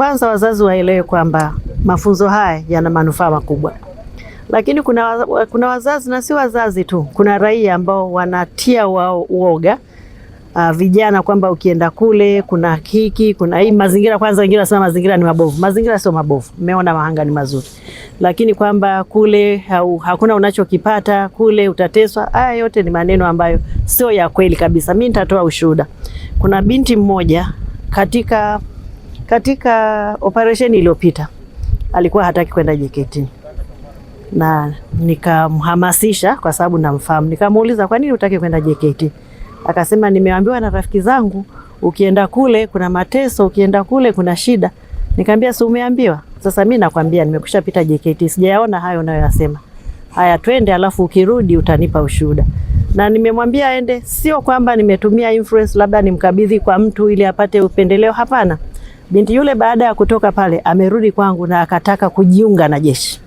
Kwanza wazazi waelewe kwamba mafunzo haya yana manufaa makubwa, lakini kuna, kuna wazazi na si wazazi tu, kuna raia ambao wanatia wao uoga Uh, vijana kwamba ukienda kule kuna hiki kuna hii mazingira. Kwanza wengine wanasema mazingira ni mabovu. Mazingira sio mabovu, mmeona Mahanga ni mazuri, lakini kwamba kule hau, hakuna unachokipata kule, utateswa. Haya yote ni maneno ambayo sio ya kweli kabisa. Mimi nitatoa ushuhuda. Kuna binti mmoja katika katika operation iliyopita alikuwa hataki kwenda JKT na nikamhamasisha kwa sababu namfahamu, nikamuuliza kwa nini hutaki kwenda JKT? Akasema nimeambiwa na rafiki zangu, ukienda kule kuna mateso, ukienda kule kuna shida. Nikamwambia si umeambiwa? Sasa mimi nakwambia nimekushapita JKT, sijayaona hayo unayoyasema. Haya, twende, alafu ukirudi utanipa ushuhuda. Na nimemwambia aende, sio kwamba nimetumia influence labda nimkabidhi kwa mtu ili apate upendeleo, hapana. Binti yule baada ya kutoka pale amerudi kwangu na akataka kujiunga na jeshi.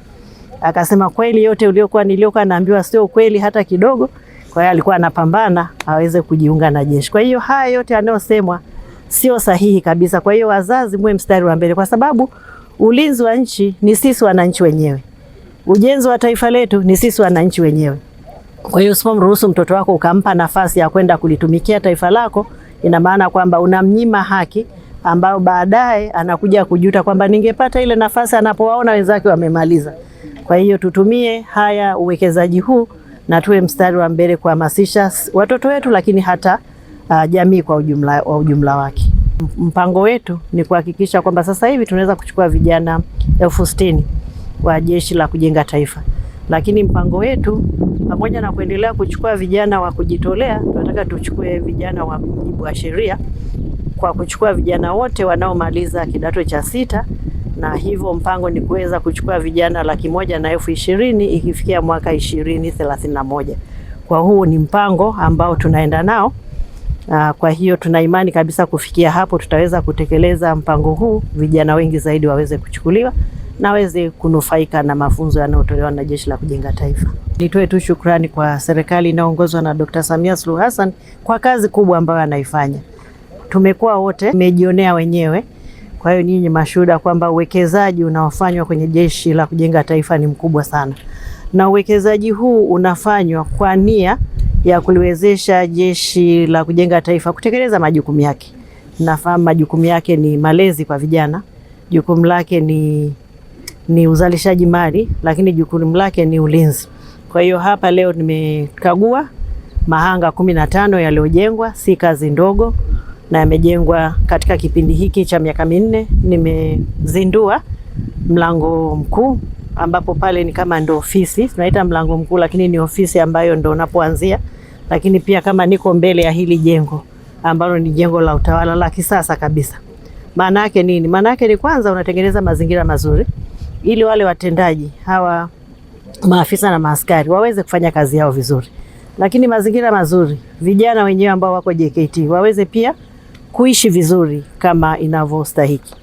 Akasema kweli yote uliokuwa niliokuwa naambiwa sio kweli hata kidogo. Kwa hiyo alikuwa anapambana aweze kujiunga na jeshi. Kwa hiyo haya yote anayosemwa sio sahihi kabisa. Kwa hiyo wazazi, muwe mstari wa mbele, kwa sababu ulinzi wa nchi ni sisi wananchi wenyewe, ujenzi wa taifa letu ni sisi wananchi wenyewe. Kwa hiyo usipomruhusu mtoto wako ukampa nafasi ya kwenda kulitumikia taifa lako, ina maana kwamba unamnyima haki ambao baadaye anakuja kujuta kwamba ningepata ile nafasi anapowaona wenzake wamemaliza. Kwa hiyo tutumie haya uwekezaji huu na tuwe mstari wa mbele kuhamasisha watoto wetu, lakini hata uh, jamii kwa ujumla, wa ujumla wake. Mpango wetu ni kuhakikisha kwamba sasa hivi tunaweza kuchukua vijana elfu sitini wa Jeshi la Kujenga Taifa, lakini mpango wetu pamoja na kuendelea kuchukua vijana wa kujitolea, tunataka tuchukue vijana wa mujibu wa sheria kwa kuchukua vijana wote wanaomaliza kidato cha sita, na hivyo mpango ni kuweza kuchukua vijana laki moja na elfu ishirini ikifikia mwaka ishirini thelathini na moja. Kwa huu ni mpango ambao tunaenda nao. Aa, Kwa hiyo tuna imani kabisa kufikia hapo tutaweza kutekeleza mpango huu, vijana wengi zaidi waweze kuchukuliwa na waweze kunufaika na mafunzo yanayotolewa na Jeshi la Kujenga Taifa. Nitoe tu shukrani kwa serikali inayoongozwa na Dr. Samia Suluhu Hassan kwa kazi kubwa ambayo anaifanya tumekuwa wote tumejionea wenyewe. Kwa hiyo ninyi mashuhuda kwamba uwekezaji unaofanywa kwenye Jeshi la Kujenga Taifa ni mkubwa sana, na uwekezaji huu unafanywa kwa nia ya kuliwezesha Jeshi la Kujenga Taifa kutekeleza majukumu yake. Nafahamu majukumu yake ni malezi kwa vijana, jukumu lake ni, ni uzalishaji mali, lakini jukumu lake ni ulinzi. Kwa hiyo hapa leo nimekagua mahanga kumi na tano yaliyojengwa, si kazi ndogo na yamejengwa katika kipindi hiki cha miaka minne. Nimezindua mlango mkuu ambapo pale ni kama ndo ofisi tunaita mlango mkuu, lakini ni ofisi ambayo ndo unapoanzia, lakini pia kama niko mbele ya hili jengo ambalo ni jengo la utawala la kisasa kabisa. Maana yake nini? Maana yake ni kwanza, unatengeneza mazingira mazuri ili wale watendaji hawa maafisa na maaskari waweze kufanya kazi yao vizuri, lakini mazingira mazuri, vijana wenyewe ambao wako JKT waweze pia kuishi vizuri kama inavyostahiki.